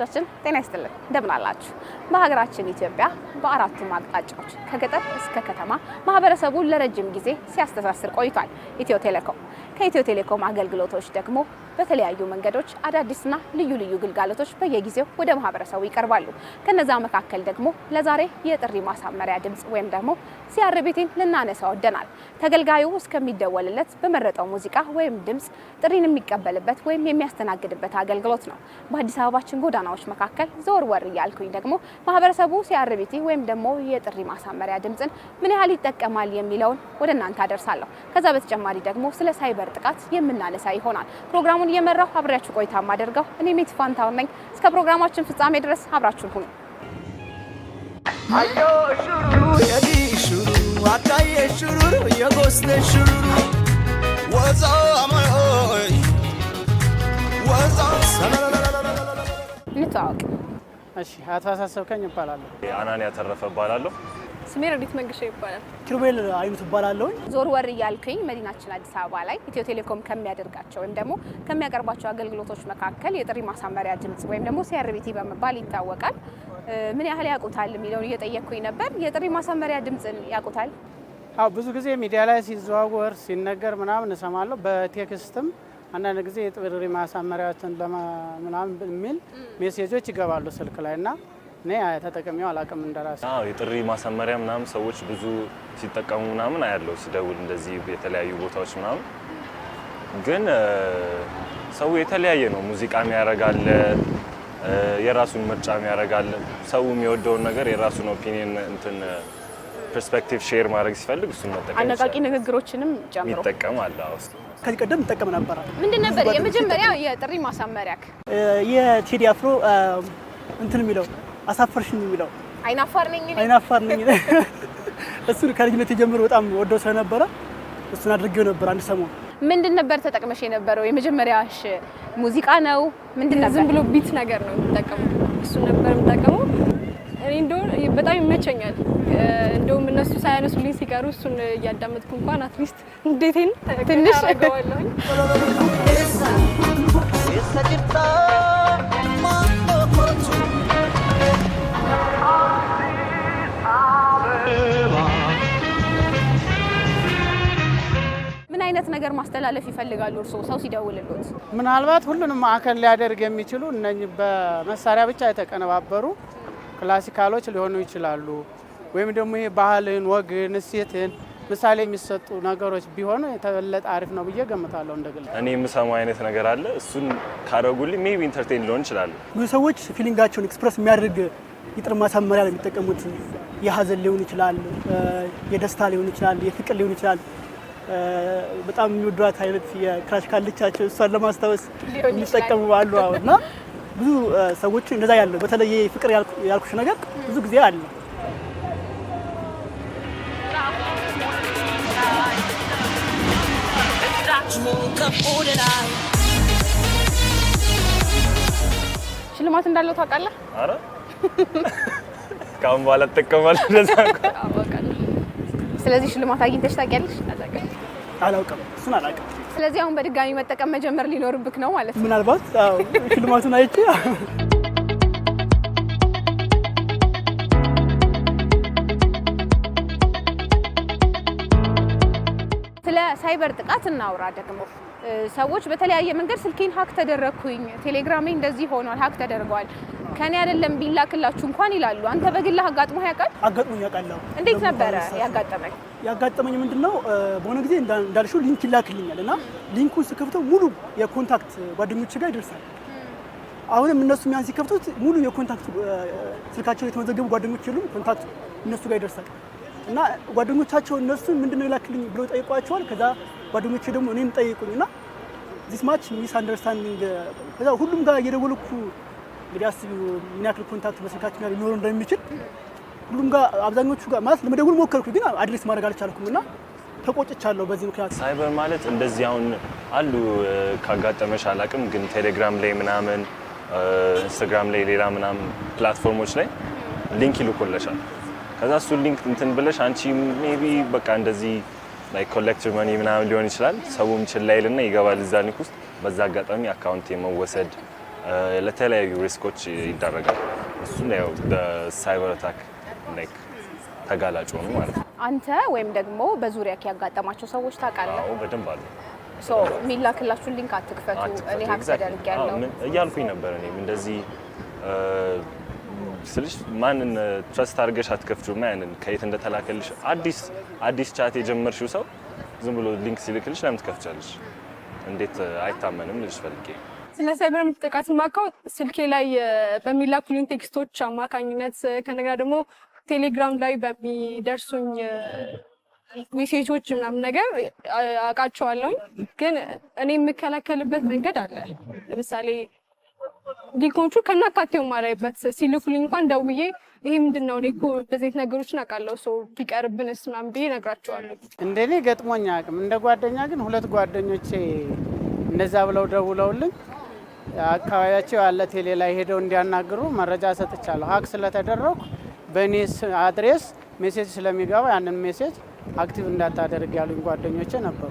ተመልካቾቻችን ጤና ይስጥልን፣ እንደምን አላችሁ? በሀገራችን ኢትዮጵያ በአራቱም አቅጣጫዎች ከገጠር እስከ ከተማ ማህበረሰቡን ለረጅም ጊዜ ሲያስተሳስር ቆይቷል ኢትዮ ቴሌኮም። ከኢትዮ ቴሌኮም አገልግሎቶች ደግሞ በተለያዩ መንገዶች አዳዲስና ልዩ ልዩ ግልጋሎቶች በየጊዜው ወደ ማህበረሰቡ ይቀርባሉ። ከነዛ መካከል ደግሞ ለዛሬ የጥሪ ማሳመሪያ ድምፅ ወይም ደግሞ ሲአርቢቲን ልናነሳ ወደናል። ተገልጋዩ እስከሚደወልለት በመረጠው ሙዚቃ ወይም ድምፅ ጥሪን የሚቀበልበት ወይም የሚያስተናግድበት አገልግሎት ነው። በአዲስ አበባችን ጎዳናዎች መካከል ዘወር ወር እያልኩኝ ደግሞ ማህበረሰቡ ሲአርቢቲ ወይም ደግሞ የጥሪ ማሳመሪያ ድምፅን ምን ያህል ይጠቀማል የሚለውን ወደ እናንተ አደርሳለሁ። ከዛ በተጨማሪ ደግሞ ስለ ሳይበር ጥቃት የምናነሳ ይሆናል ፕሮግራሙን ፕሮግራሙን እየመራሁ አብሬያችሁ ቆይታ የማደርገው እኔ ሜት ፋንታውን ነኝ። እስከ ፕሮግራማችን ፍጻሜ ድረስ አብራችሁን ሁኑ። አዮ የዲ ወዛ አማይ ወዛ እንተዋወቅ። እሺ አቶ አሳሰብከኝ እባላለሁ። አናንያ ተረፈ እባላለሁ። ስሜ ረዲት መንገሻ ይባላል። ኪሩቤል አይነት ትባላለሁኝ። ዞር ወር እያልኩኝ መዲናችን አዲስ አበባ ላይ ኢትዮ ቴሌኮም ከሚያደርጋቸው ወይም ደግሞ ከሚያቀርባቸው አገልግሎቶች መካከል የጥሪ ማሳመሪያ ድምጽ ወይም ደግሞ ሲአርቢቲ በመባል ይታወቃል። ምን ያህል ያውቁታል የሚለውን እየጠየቅኩኝ ነበር። የጥሪ ማሳመሪያ ድምጽን ያውቁታል? አዎ፣ ብዙ ጊዜ ሚዲያ ላይ ሲዘዋወር ሲነገር ምናምን እሰማለሁ። በቴክስትም አንዳንድ ጊዜ የጥሪ ማሳመሪያዎችን ምናምን የሚል ሜሴጆች ይገባሉ ስልክ ላይ እና እኔ ተጠቅሜው አላቅም እንደራሴ። አዎ የጥሪ ማሰመሪያ ምናምን ሰዎች ብዙ ሲጠቀሙ ምናምን አያለው ሲደውል እንደዚህ የተለያዩ ቦታዎች ምናምን። ግን ሰው የተለያየ ነው። ሙዚቃም ያደርጋል፣ የራሱን ምርጫም ያደርጋል። ሰው የሚወደውን ነገር የራሱን ኦፒኒየን እንትን ፐርስፔክቲቭ ሼር ማድረግ ሲፈልግ እሱን መጠቀም አነቃቂ ንግግሮችንም ጨምሮ ይጠቀም አለ። ከዚህ ቀደም ይጠቀም ነበረ። ምንድን ነበር የመጀመሪያ የጥሪ ማሳመሪያ? የቴዲ አፍሮ እንትን የሚለው አሳፈርሽኝ የሚለው አይናፋር ነኝ አይናፋር ነኝ። እሱን ከልጅነት ጀምሮ በጣም ወደው ስለነበረ እሱን አድርጌው ነበር አንድ ሰሞን። ምንድን ነበር ተጠቅመሽ የነበረው? የመጀመሪያሽ ሙዚቃ ነው ምንድን ነበር? ዝም ብሎ ቢት ነገር ነው የምጠቀመው። እሱን ነበር የምጠቀመው። እኔ እንደውም በጣም ይመቸኛል። እንደውም እነሱ ሳያነሱልኝ ሲቀሩ እሱን እያዳመጥኩ እንኳን አትሊስት እንዴት ትንሽ አይነት ነገር ማስተላለፍ ይፈልጋሉ እርስዎ ሰው ሲደውልሎት? ምናልባት ሁሉንም ማዕከል ሊያደርግ የሚችሉ እነኚህ በመሳሪያ ብቻ የተቀነባበሩ ክላሲካሎች ሊሆኑ ይችላሉ። ወይም ደግሞ ይሄ ባህልን፣ ወግን፣ እሴትን ምሳሌ የሚሰጡ ነገሮች ቢሆኑ የተበለጠ አሪፍ ነው ብዬ ገምታለሁ። እንደግል እኔ የምሰማው አይነት ነገር አለ። እሱን ካደረጉልኝ ሜቢ ኢንተርቴን ሊሆን ይችላሉ። ብዙ ሰዎች ፊሊንጋቸውን ኤክስፕረስ የሚያደርግ የጥር ማሳመሪያ ነው የሚጠቀሙት። የሀዘን ሊሆን ይችላል፣ የደስታ ሊሆን ይችላል፣ የፍቅር ሊሆን ይችላል። በጣም የሚወዷት አይነት የክራሽ ካልቻቸው እሷን ለማስታወስ የሚጠቀሙ አሉ እና ብዙ ሰዎች እንደዛ ያለው በተለየ ፍቅር ያልኩሽ ነገር ብዙ ጊዜ አለ። ሽልማት እንዳለው ታውቃለህ? ከአሁን በኋላ ትጠቀማለህ። ስለዚህ ሽልማት አግኝተሽ ታውቂያለሽ? አላውቅም፣ እሱን አላውቅም። ስለዚህ አሁን በድጋሚ መጠቀም መጀመር ሊኖርብክ ነው ማለት ነው። ምናልባት ሽልማቱን አይቼ ስለ ሳይበር ጥቃት እናውራ ደግሞ ሰዎች በተለያየ መንገድ ስልኬን ሀክ ተደረግኩኝ፣ ቴሌግራሜ እንደዚህ ሆኗል፣ ሀክ ተደርገዋል ከኔ አይደለም ቢላክላችሁ እንኳን ይላሉ። አንተ በግላህ አጋጥሞ ያውቃል? አጋጥሞኝ ያውቃል። እንዴት ነበረ ያጋጠመኝ? ያጋጠመኝ ምንድነው በሆነ ጊዜ እንዳልሽው ሊንክ ይላክልኛል እና ሊንኩን ስከፍተው ሙሉ የኮንታክት ጓደኞች ጋር ይደርሳል። አሁንም እነሱ ያን ሲከፍቱት ሙሉ የኮንታክት ስልካቸው የተመዘገቡ ጓደኞች የሉም፣ ኮንታክት እነሱ ጋር ይደርሳል እና ጓደኞቻቸው እነሱ ምንድነው ይላክልኝ ብለው ጠይቋቸዋል። ከዛ ጓደኞቼ ደግሞ እኔም ጠይቁኝ እና ዚስ ማች ሚስ አንደርስታንዲንግ ከዛ ሁሉም ጋር እየደወልኩ እንግዲህ አስቢው ምን ያክል ኮንታክት በስልካችን ጋር ሊኖር እንደሚችል ሁሉም ጋር አብዛኞቹ ጋር ማለት ለመደውል ሞከርኩ፣ ግን አድሬስ ማድረግ አልቻልኩም እና ተቆጭቻለሁ በዚህ ምክንያት። ሳይበር ማለት እንደዚህ አሁን አሉ ካጋጠመሽ አላቅም፣ ግን ቴሌግራም ላይ ምናምን ኢንስታግራም ላይ ሌላ ምናምን ፕላትፎርሞች ላይ ሊንክ ይልኮለሻል። ከዛ እሱ ሊንክ እንትን ብለሽ አንቺ ቢ በቃ እንደዚህ ላይክ ኮሌክቲቭ መኒ ምናምን ሊሆን ይችላል። ሰውም ችላ ይልና ይገባል እዛ ሊንክ ውስጥ። በዛ አጋጣሚ አካውንት የመወሰድ ለተለያዩ ሪስኮች ይዳረጋል። እሱም ያው በሳይበር አታክ ላይክ ተጋላጭ ሆኑ ማለት ነው። አንተ ወይም ደግሞ በዙሪያ ያጋጠማቸው ሰዎች ታውቃለህ? አዎ በደንብ አሉ። የሚላክላችሁ ሊንክ አትክፈቱ እኔ ሀክ ተደርጌያለሁ እያልኩኝ ነበር። እኔም እንደዚህ ስልሽ ማንን ትረስት አድርገሽ አትከፍቺውም። ማንን ከየት እንደተላከልሽ አዲስ አዲስ ቻት የጀመርሽው ሰው ዝም ብሎ ሊንክ ሲልክልሽ ለምን ትከፍቻለሽ? እንዴት አይታመንም ልጅ ፈልጌ ስለ ሳይበር ጥቃት ማካው ስልኬ ላይ በሚላኩልኝ ቴክስቶች አማካኝነት ከነገና ደግሞ ቴሌግራም ላይ በሚደርሱኝ ሜሴጆች ምናምን ነገር አውቃቸዋለሁ ግን እኔ የምከላከልበት መንገድ አለ። ለምሳሌ ሊንኮቹ ከናካቴው ማላይበት ሲልኩልኝ እንኳን ደውዬ ይሄ ምንድን ነው እኔ በዚህ ነገሮችን አውቃለሁ ሰው ቢቀርብንስ ምናምን ብዬ እነግራቸዋለሁ። እንደኔ ገጥሞኝ አያውቅም። እንደ ጓደኛ ግን ሁለት ጓደኞቼ እንደዛ ብለው ደውለውልኝ አካባቢያቸው ያለ ቴሌ ላይ ሄደው እንዲያናግሩ መረጃ ሰጥቻለሁ። ሀክ ስለተደረኩ በእኔ አድሬስ ሜሴጅ ስለሚገባ ያንን ሜሴጅ አክቲቭ እንዳታደርግ ያሉኝ ጓደኞቼ ነበሩ።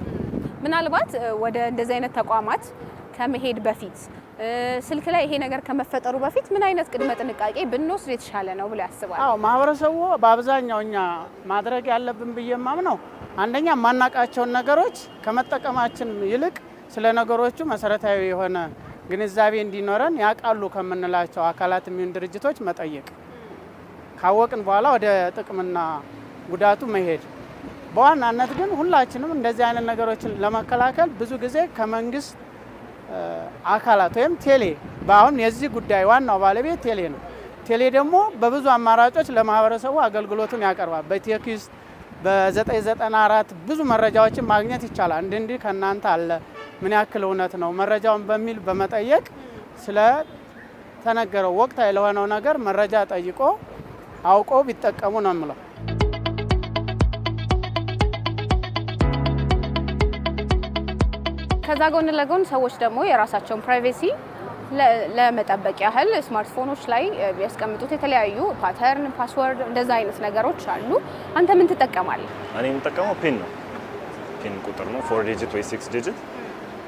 ምናልባት ወደ እንደዚህ አይነት ተቋማት ከመሄድ በፊት ስልክ ላይ ይሄ ነገር ከመፈጠሩ በፊት ምን አይነት ቅድመ ጥንቃቄ ብንወስድ የተሻለ ነው ብሎ ያስባል? አዎ ማህበረሰቡ በአብዛኛው እኛ ማድረግ ያለብን ብዬ ማምነው አንደኛ የማናቃቸውን ነገሮች ከመጠቀማችን ይልቅ ስለ ነገሮቹ መሰረታዊ የሆነ ግንዛቤ እንዲኖረን ያውቃሉ ከምንላቸው አካላት የሚሆን ድርጅቶች መጠየቅ፣ ካወቅን በኋላ ወደ ጥቅምና ጉዳቱ መሄድ። በዋናነት ግን ሁላችንም እንደዚህ አይነት ነገሮችን ለመከላከል ብዙ ጊዜ ከመንግስት አካላት ወይም ቴሌ በአሁን የዚህ ጉዳይ ዋናው ባለቤት ቴሌ ነው። ቴሌ ደግሞ በብዙ አማራጮች ለማህበረሰቡ አገልግሎቱን ያቀርባል። በቴክስት በ994 ብዙ መረጃዎችን ማግኘት ይቻላል። እንዲህ እንዲህ ከእናንተ አለ ምን ያክል እውነት ነው መረጃውን በሚል በመጠየቅ ስለተነገረው ወቅታዊ ለሆነው ነገር መረጃ ጠይቆ አውቆ ቢጠቀሙ ነው የምለው። ከዛ ጎን ለጎን ሰዎች ደግሞ የራሳቸውን ፕራይቬሲ ለመጠበቅ ያህል ስማርትፎኖች ላይ ያስቀምጡት የተለያዩ ፓተርን፣ ፓስወርድ እንደዛ አይነት ነገሮች አሉ። አንተ ምን ትጠቀማለህ? እኔ የምጠቀመው ፒን ነው። ፒን ቁጥር ነው ፎር ዲጂት ወይ ሲክስ ዲጂት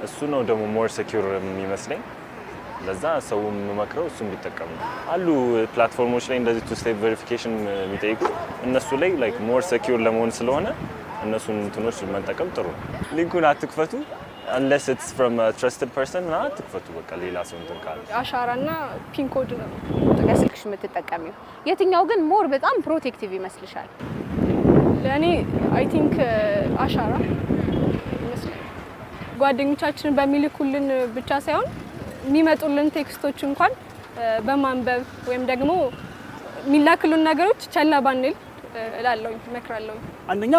እሱ ነው ደግሞ ሞር ሴኪር የሚመስለኝ። ለዛ ሰው የምመክረው እሱ ቢጠቀም ነው። አሉ ፕላትፎርሞች ላይ እንደዚህ ቱ ስቴፕ ቬሪፊኬሽን የሚጠይቁ እነሱ ላይ ላይክ ሞር ሴኪር ለመሆን ስለሆነ እነሱን እንትኖች መጠቀም ጥሩ ነው። ሊንኩን አትክፈቱ አንለስ ኢትስ ፍሮም ትረስትድ ፐርሰን ና አትክፈቱ። በቃ ሌላ ሰው እንትን ካለ አሻራና ኮድ ነው ከስልክሽ የምትጠቀሚው። የትኛው ግን ሞር በጣም ፕሮቴክቲቭ ይመስልሻል? ለእኔ አይ ቲንክ አሻራ ጓደኞቻችን በሚልኩልን ብቻ ሳይሆን የሚመጡልን ቴክስቶች እንኳን በማንበብ ወይም ደግሞ የሚላክሉን ነገሮች ቸላ ባንል እላለሁ፣ እመክራለሁ። አንደኛ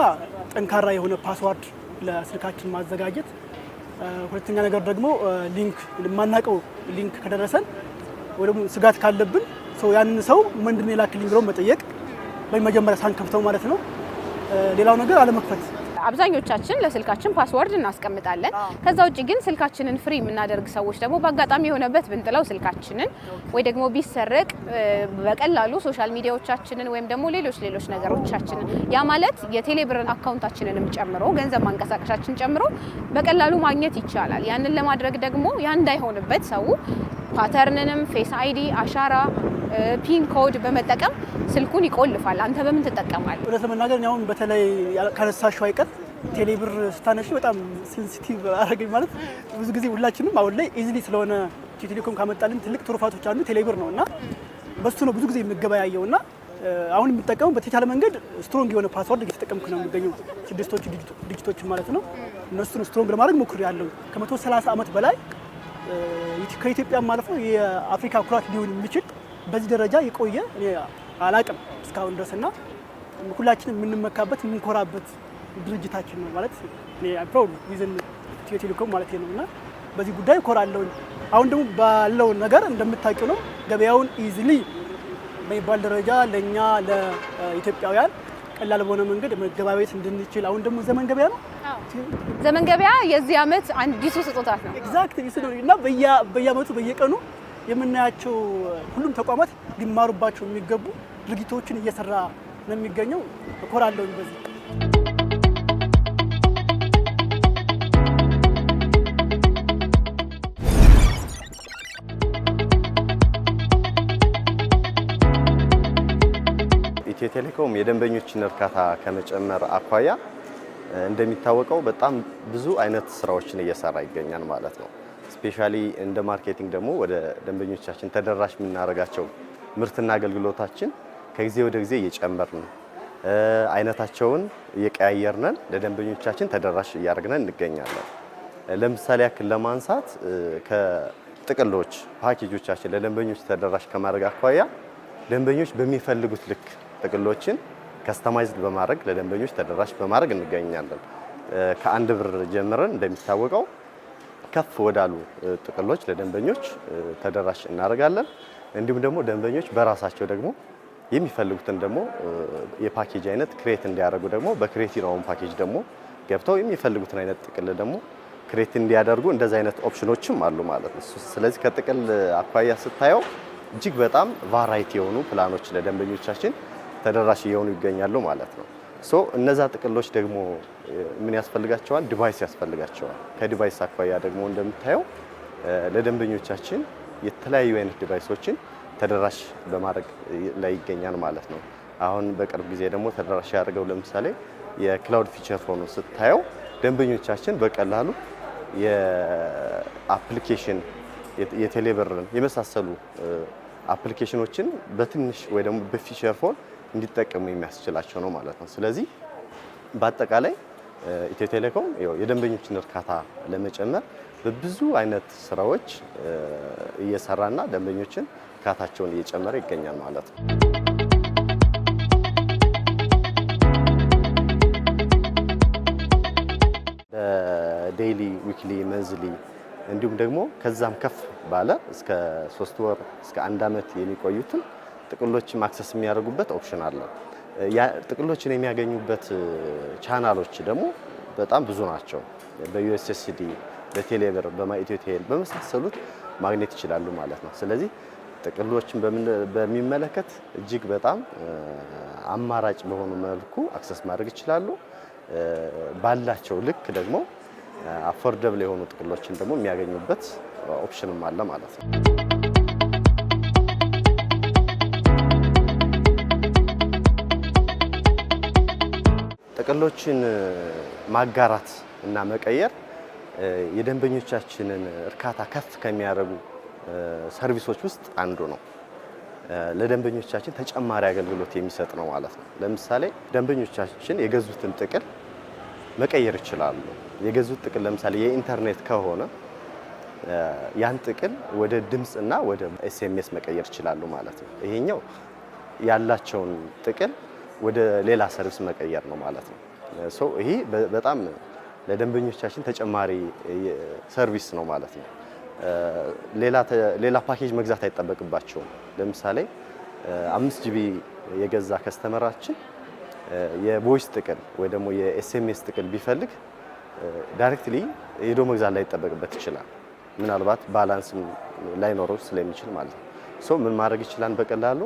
ጠንካራ የሆነ ፓስዋርድ ለስልካችን ማዘጋጀት፣ ሁለተኛ ነገር ደግሞ ሊንክ የማናውቀው ሊንክ ከደረሰን ወይ ደግሞ ስጋት ካለብን ሰው ያንን ሰው ምንድን የላክልኝ ብለው መጠየቅ በመጀመሪያ ሳንከፍተው ማለት ነው። ሌላው ነገር አለመክፈት አብዛኞቻችን ለስልካችን ፓስወርድ እናስቀምጣለን። ከዛ ውጭ ግን ስልካችንን ፍሪ የምናደርግ ሰዎች ደግሞ በአጋጣሚ የሆነበት ብንጥለው ስልካችንን ወይ ደግሞ ቢሰረቅ በቀላሉ ሶሻል ሚዲያዎቻችንን ወይም ደግሞ ሌሎች ሌሎች ነገሮቻችንን ያ ማለት የቴሌብርን አካውንታችንንም ጨምሮ ገንዘብ ማንቀሳቀሻችን ጨምሮ በቀላሉ ማግኘት ይቻላል። ያንን ለማድረግ ደግሞ ያ እንዳይሆንበት ሰው ፓተርንንም ፌስ አይዲ አሻራ ፒን ኮድ በመጠቀም ስልኩን ይቆልፋል። አንተ በምን ትጠቀማለህ? እውነት ለመናገር አሁን በተለይ ካነሳሽው አይቀር ቴሌብር ስታነሺ በጣም ሴንሲቲቭ አረገኝ። ማለት ብዙ ጊዜ ሁላችንም አሁን ላይ ኢዝሊ ስለሆነ ኢትዮ ቴሌኮም ካመጣልን ትልቅ ትሩፋቶች አንዱ ቴሌብር ነው እና በሱ ነው ብዙ ጊዜ የምገበያየው እና አሁን የምጠቀመው በተቻለ መንገድ ስትሮንግ የሆነ ፓስወርድ እየተጠቀምኩ ነው የሚገኘው። ስድስቶቹ ዲጂቶች ማለት ነው። እነሱን ስትሮንግ ለማድረግ ያለው ከመቶ ሰላሳ ዓመት በላይ ከኢትዮጵያ ማለፈው የአፍሪካ ኩራት ሊሆን የሚችል በዚህ ደረጃ የቆየ አላቅም እስካሁን ድረስ እና ሁላችንም የምንመካበት የምንኮራበት ድርጅታችን ነው ማለት እኔ ዊዝን ኢትዮ ቴሌኮም ማለት ነው እና በዚህ ጉዳይ ኮራለሁ። አሁን ደግሞ ባለው ነገር እንደምታውቂው ነው ገበያውን ኢዝሊ በሚባል ደረጃ ለእኛ ለኢትዮጵያውያን ቀላል በሆነ መንገድ መገባበት እንድንችል አሁን ደግሞ ዘመን ገበያ ነው። ዘመን ገበያ የዚህ ዓመት አዲሱ ስጦታት ነው። ኤግዛክት እና በየዓመቱ በየቀኑ የምናያቸው ሁሉም ተቋማት ሊማሩባቸው የሚገቡ ድርጊቶችን እየሰራ ነው የሚገኘው። እኮራለሁኝ በዚህ። ኢትዮ ቴሌኮም የደንበኞችን እርካታ ከመጨመር አኳያ እንደሚታወቀው በጣም ብዙ አይነት ስራዎችን እየሰራ ይገኛል ማለት ነው። ስፔሻሊ እንደ ማርኬቲንግ ደግሞ ወደ ደንበኞቻችን ተደራሽ የምናደርጋቸው ምርትና አገልግሎታችን ከጊዜ ወደ ጊዜ እየጨመርን አይነታቸውን እየቀያየርነን ለደንበኞቻችን ተደራሽ እያደረግነን እንገኛለን። ለምሳሌ ያክል ለማንሳት ከጥቅሎች ፓኬጆቻችን ለደንበኞች ተደራሽ ከማድረግ አኳያ ደንበኞች በሚፈልጉት ልክ ጥቅሎችን ከስተማይዝድ በማድረግ ለደንበኞች ተደራሽ በማድረግ እንገኛለን። ከአንድ ብር ጀምረን እንደሚታወቀው ከፍ ወዳሉ ጥቅሎች ለደንበኞች ተደራሽ እናደርጋለን። እንዲሁም ደግሞ ደንበኞች በራሳቸው ደግሞ የሚፈልጉትን ደግሞ የፓኬጅ አይነት ክሬት እንዲያደርጉ ደግሞ በክሬቲናውን ፓኬጅ ደግሞ ገብተው የሚፈልጉትን አይነት ጥቅል ደግሞ ክሬት እንዲያደርጉ እንደዚህ አይነት ኦፕሽኖችም አሉ ማለት ነው። ስለዚህ ከጥቅል አኳያ ስታየው እጅግ በጣም ቫራይቲ የሆኑ ፕላኖች ለደንበኞቻችን ተደራሽ እየሆኑ ይገኛሉ ማለት ነው። ሶ እነዛ ጥቅሎች ደግሞ ምን ያስፈልጋቸዋል? ዲቫይስ ያስፈልጋቸዋል። ከዲቫይስ አኳያ ደግሞ እንደምታየው ለደንበኞቻችን የተለያዩ አይነት ዲቫይሶችን ተደራሽ በማድረግ ላይ ይገኛል ማለት ነው። አሁን በቅርብ ጊዜ ደግሞ ተደራሽ ያደርገው ለምሳሌ የክላውድ ፊቸር ሆኖ ስታየው ደንበኞቻችን በቀላሉ የአፕሊኬሽን የቴሌብርን የመሳሰሉ አፕሊኬሽኖችን በትንሽ ወይ ደግሞ በፊቸር ፎን እንዲጠቀሙ የሚያስችላቸው ነው ማለት ነው። ስለዚህ በአጠቃላይ ኢትዮ ቴሌኮም የደንበኞችን እርካታ ለመጨመር በብዙ አይነት ስራዎች እየሰራና ደንበኞችን እርካታቸውን እየጨመረ ይገኛል ማለት ነው። በዴይሊ ዊክሊ፣ መንዝሊ እንዲሁም ደግሞ ከዛም ከፍ ባለ እስከ ሶስት ወር እስከ አንድ አመት የሚቆዩትን ጥቅሎች ማክሰስ የሚያደርጉበት ኦፕሽን አለ። ጥቅሎችን የሚያገኙበት ቻናሎች ደግሞ በጣም ብዙ ናቸው። በዩኤስኤስዲ በቴሌብር በማይኢትዮ ቴል በመሳሰሉት ማግኘት ይችላሉ ማለት ነው። ስለዚህ ጥቅሎችን በሚመለከት እጅግ በጣም አማራጭ በሆኑ መልኩ አክሰስ ማድረግ ይችላሉ። ባላቸው ልክ ደግሞ አፎርደብል የሆኑ ጥቅሎችን ደግሞ የሚያገኙበት ኦፕሽንም አለ ማለት ነው። ጥቅሎችን ማጋራት እና መቀየር የደንበኞቻችንን እርካታ ከፍ ከሚያደርጉ ሰርቪሶች ውስጥ አንዱ ነው። ለደንበኞቻችን ተጨማሪ አገልግሎት የሚሰጥ ነው ማለት ነው። ለምሳሌ ደንበኞቻችን የገዙትን ጥቅል መቀየር ይችላሉ። የገዙት ጥቅል ለምሳሌ የኢንተርኔት ከሆነ ያን ጥቅል ወደ ድምፅና ወደ ኤስኤምኤስ መቀየር ይችላሉ ማለት ነው። ይሄኛው ያላቸውን ጥቅል ወደ ሌላ ሰርቪስ መቀየር ነው ማለት ነው። ሶ ይሄ በጣም ለደንበኞቻችን ተጨማሪ ሰርቪስ ነው ማለት ነው። ሌላ ፓኬጅ መግዛት አይጠበቅባቸውም። ለምሳሌ አምስት ጂቢ የገዛ ከስተመራችን የቮይስ ጥቅል ወይ ደግሞ የኤስኤምኤስ ጥቅል ቢፈልግ ዳይሬክትሊ ሄዶ መግዛት ላይ ይችላል። ምናልባት ባላንስ ላይኖረው ስለሚችል ማለት ነው። ሶ ምን ማድረግ ይችላል በቀላሉ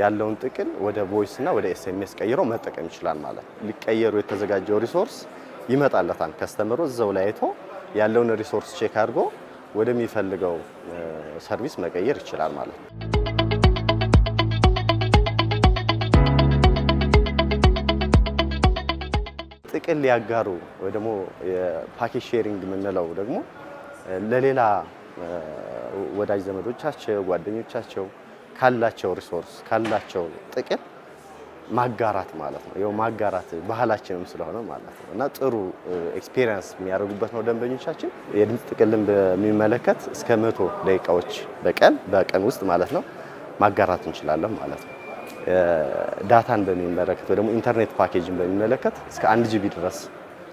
ያለውን ጥቅል ወደ ቮይስ እና ወደ ኤስኤምኤስ ቀይሮ መጠቀም ይችላል ማለት ነው። ሊቀየሩ የተዘጋጀው ሪሶርስ ይመጣለታል። ከስተምሮ እዛው ላይ አይቶ ያለውን ሪሶርስ ቼክ አድርጎ ወደሚፈልገው ሰርቪስ መቀየር ይችላል ማለት ነው። ጥቅል ሊያጋሩ ወይ ደግሞ የፓኬጅ ሼሪንግ የምንለው ደግሞ ለሌላ ወዳጅ ዘመዶቻቸው ጓደኞቻቸው ካላቸው ሪሶርስ ካላቸው ጥቅም ማጋራት ማለት ነው። ይኸው ማጋራት ባህላችንም ስለሆነ ማለት ነው እና ጥሩ ኤክስፒሪየንስ የሚያደርጉበት ነው ደንበኞቻችን። የድምፅ ጥቅልን በሚመለከት እስከ መቶ ደቂቃዎች በቀን በቀን ውስጥ ማለት ነው ማጋራት እንችላለን ማለት ነው። ዳታን በሚመለከት ወይ ደግሞ ኢንተርኔት ፓኬጅን በሚመለከት እስከ አንድ ጂቢ ድረስ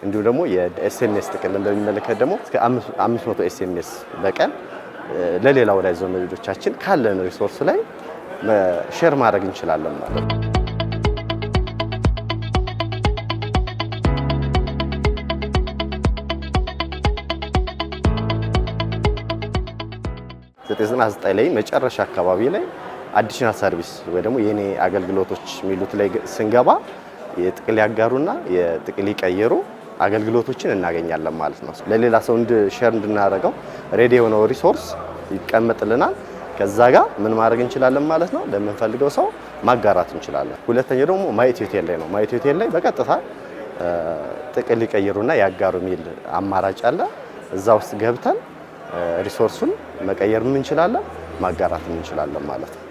እንዲሁም ደግሞ የኤስኤምኤስ ጥቅልን በሚመለከት ደግሞ እስከ መቶ ኤስኤምኤስ በቀን ለሌላው ላይ ዘመዶቻችን ካለን ሪሶርስ ላይ ሼር ማድረግ እንችላለን ማለት ነው። ዘጠና ዘጠኝ ላይ መጨረሻ አካባቢ ላይ አዲሽናል ሰርቪስ ወይ ደግሞ የኔ አገልግሎቶች የሚሉት ላይ ስንገባ የጥቅል ያጋሩና የጥቅል ይቀየሩ አገልግሎቶችን እናገኛለን ማለት ነው። ለሌላ ሰው እንድ ሼር እንድናደርገው ሬዲ የሆነው ሪሶርስ ይቀመጥልናል። ከዛ ጋር ምን ማድረግ እንችላለን ማለት ነው፣ ለምንፈልገው ሰው ማጋራት እንችላለን። ሁለተኛው ደግሞ ማየት ሆቴል ላይ ነው። ማየት ሆቴል ላይ በቀጥታ ጥቅል ይቀይሩና ያጋሩ የሚል አማራጭ አለ። እዛ ውስጥ ገብተን ሪሶርሱን መቀየር እንችላለን፣ ማጋራት እንችላለን ማለት ነው።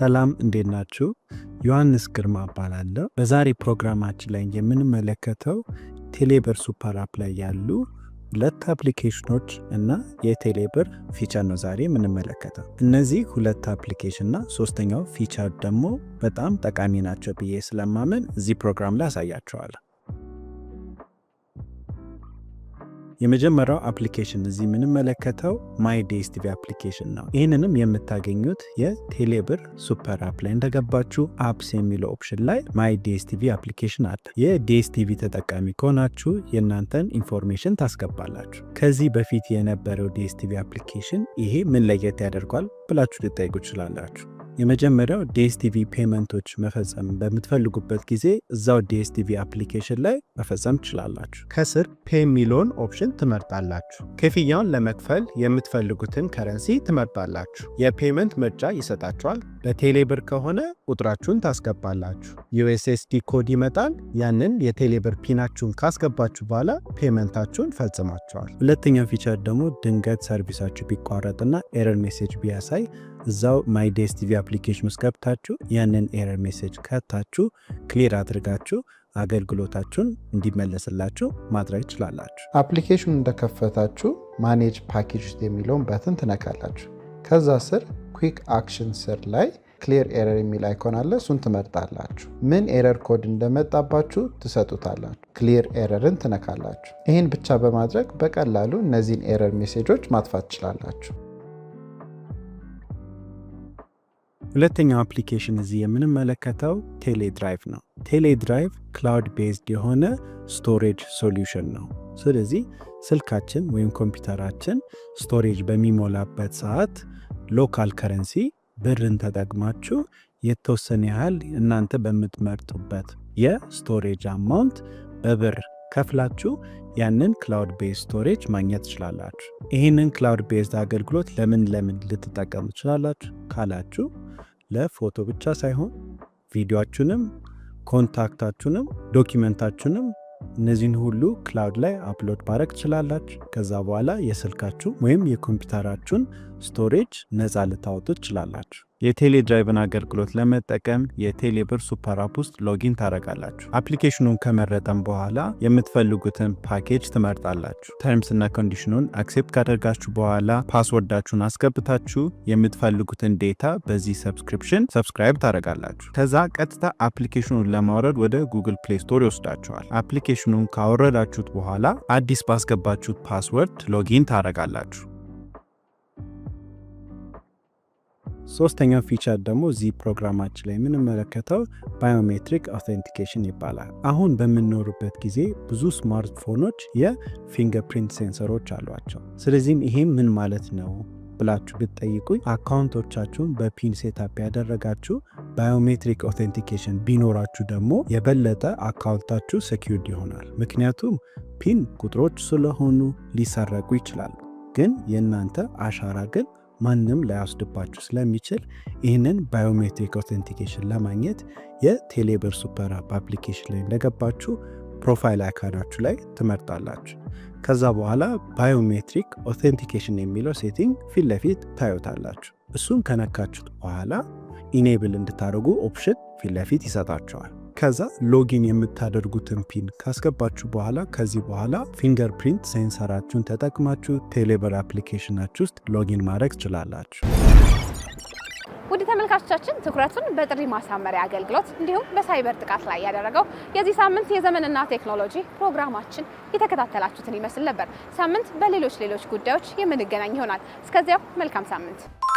ሰላም እንዴት ናችሁ? ዮሐንስ ግርማ እባላለሁ። በዛሬ ፕሮግራማችን ላይ የምንመለከተው ቴሌብር ሱፐር አፕ ላይ ያሉ ሁለት አፕሊኬሽኖች እና የቴሌብር ፊቸር ነው ዛሬ የምንመለከተው። እነዚህ ሁለት አፕሊኬሽን እና ሶስተኛው ፊቸር ደግሞ በጣም ጠቃሚ ናቸው ብዬ ስለማምን እዚህ ፕሮግራም ላይ አሳያቸዋለሁ። የመጀመሪያው አፕሊኬሽን እዚህ የምንመለከተው ማይ ዴይስ ቲቪ አፕሊኬሽን ነው። ይህንንም የምታገኙት የቴሌብር ሱፐር አፕ ላይ እንደገባችሁ አፕስ የሚለው ኦፕሽን ላይ ማይ ዴይስ ቲቪ አፕሊኬሽን አለ። የዴይስ ቲቪ ተጠቃሚ ከሆናችሁ የእናንተን ኢንፎርሜሽን ታስገባላችሁ። ከዚህ በፊት የነበረው ዴይስ ቲቪ አፕሊኬሽን ይሄ ምን ለየት ያደርጓል ብላችሁ ልጠይቁ ትችላላችሁ። የመጀመሪያው ዲኤስቲቪ ፔመንቶች መፈጸም በምትፈልጉበት ጊዜ እዛው ዲኤስቲቪ አፕሊኬሽን ላይ መፈጸም ትችላላችሁ። ከስር ፔ የሚለውን ኦፕሽን ትመርጣላችሁ። ክፍያውን ለመክፈል የምትፈልጉትን ከረንሲ ትመርጣላችሁ። የፔመንት ምርጫ ይሰጣችኋል። በቴሌብር ከሆነ ቁጥራችሁን ታስገባላችሁ። ዩኤስኤስዲ ኮድ ይመጣል። ያንን የቴሌብር ፒናችሁን ካስገባችሁ በኋላ ፔመንታችሁን ፈጽማችኋል። ሁለተኛው ፊቸር ደግሞ ድንገት ሰርቪሳችሁ ቢቋረጥና ኤረር ሜሴጅ ቢያሳይ እዛው ማይ ዴስ አፕሊኬሽን ውስጥ ገብታችሁ ያንን ኤረር ሜሴጅ ከታችሁ ክሊር አድርጋችሁ አገልግሎታችሁን እንዲመለስላችሁ ማድረግ ትችላላችሁ። አፕሊኬሽኑ እንደከፈታችሁ ማኔጅ ፓኬጅ የሚለውን በትን ትነካላችሁ። ከዛ ስር ኩክ አክሽን ስር ላይ ክሊር ኤረር የሚል አይኮን አለ። እሱን ትመርጣላችሁ። ምን ኤረር ኮድ እንደመጣባችሁ ትሰጡታላችሁ። ክሊር ኤረርን ትነካላችሁ። ይህን ብቻ በማድረግ በቀላሉ እነዚህን ኤረር ሜሴጆች ማጥፋት ትችላላችሁ። ሁለተኛው አፕሊኬሽን እዚህ የምንመለከተው ቴሌድራይቭ ነው። ቴሌድራይቭ ክላውድ ቤዝድ የሆነ ስቶሬጅ ሶሉሽን ነው። ስለዚህ ስልካችን ወይም ኮምፒውተራችን ስቶሬጅ በሚሞላበት ሰዓት ሎካል ከረንሲ ብርን ተጠቅማችሁ የተወሰነ ያህል እናንተ በምትመርጡበት የስቶሬጅ አማውንት በብር ከፍላችሁ ያንን ክላውድ ቤዝ ስቶሬጅ ማግኘት ትችላላችሁ። ይህንን ክላውድ ቤዝ አገልግሎት ለምን ለምን ልትጠቀሙ ትችላላችሁ ካላችሁ ለፎቶ ብቻ ሳይሆን ቪዲዮችንም፣ ኮንታክታችሁንም፣ ዶኪመንታችሁንም እነዚህን ሁሉ ክላውድ ላይ አፕሎድ ማድረግ ትችላላችሁ። ከዛ በኋላ የስልካችሁ ወይም የኮምፒውተራችሁን ስቶሬጅ ነፃ ልታወጡ ትችላላችሁ። የቴሌ ድራይቭን አገልግሎት ለመጠቀም የቴሌ ብር ሱፐር አፕ ውስጥ ሎጊን ታደርጋላችሁ። አፕሊኬሽኑን ከመረጠም በኋላ የምትፈልጉትን ፓኬጅ ትመርጣላችሁ። ተርምስና ኮንዲሽኑን አክሴፕት ካደርጋችሁ በኋላ ፓስወርዳችሁን አስገብታችሁ የምትፈልጉትን ዴታ በዚህ ሰብስክሪፕሽን ሰብስክራይብ ታደርጋላችሁ። ከዛ ቀጥታ አፕሊኬሽኑን ለማውረድ ወደ ጉግል ፕሌይ ስቶር ይወስዳችኋል። አፕሊኬሽኑን ካወረዳችሁት በኋላ አዲስ ባስገባችሁት ፓስወርድ ሎጊን ታደርጋላችሁ። ሶስተኛው ፊቸር ደግሞ እዚህ ፕሮግራማችን ላይ የምንመለከተው ባዮሜትሪክ አውቴንቲኬሽን ይባላል። አሁን በምንኖርበት ጊዜ ብዙ ስማርትፎኖች የፊንገርፕሪንት ሴንሰሮች አሏቸው። ስለዚህም ይሄም ምን ማለት ነው ብላችሁ ብትጠይቁኝ አካውንቶቻችሁን በፒን ሴታፕ ያደረጋችሁ ባዮሜትሪክ ኦቴንቲኬሽን ቢኖራችሁ ደግሞ የበለጠ አካውንታችሁ ሴኪዩርድ ይሆናል። ምክንያቱም ፒን ቁጥሮች ስለሆኑ ሊሰረቁ ይችላሉ። ግን የእናንተ አሻራ ግን ማንም ላያወስድባችሁ ስለሚችል ይህንን ባዮሜትሪክ ኦቴንቲኬሽን ለማግኘት የቴሌብር ሱፐር አፕ አፕሊኬሽን ላይ እንደገባችሁ ፕሮፋይል አይካናችሁ ላይ ትመርጣላችሁ። ከዛ በኋላ ባዮሜትሪክ ኦቴንቲኬሽን የሚለው ሴቲንግ ፊት ለፊት ታዩታላችሁ። እሱን ከነካችሁት በኋላ ኢኔብል እንድታደርጉ ኦፕሽን ፊት ለፊት ይሰጣችኋል። ከዛ ሎጊን የምታደርጉትን ፒን ካስገባችሁ በኋላ ከዚህ በኋላ ፊንገር ፕሪንት ሴንሰራችሁን ተጠቅማችሁ ቴሌብር አፕሊኬሽናችሁ ውስጥ ሎጊን ማድረግ ትችላላችሁ። ውድ ተመልካቾቻችን ትኩረቱን በጥሪ ማሳመሪያ አገልግሎት እንዲሁም በሳይበር ጥቃት ላይ ያደረገው የዚህ ሳምንት የዘመንና ቴክኖሎጂ ፕሮግራማችን የተከታተላችሁትን ይመስል ነበር። ሳምንት በሌሎች ሌሎች ጉዳዮች የምንገናኝ ይሆናል። እስከዚያው መልካም ሳምንት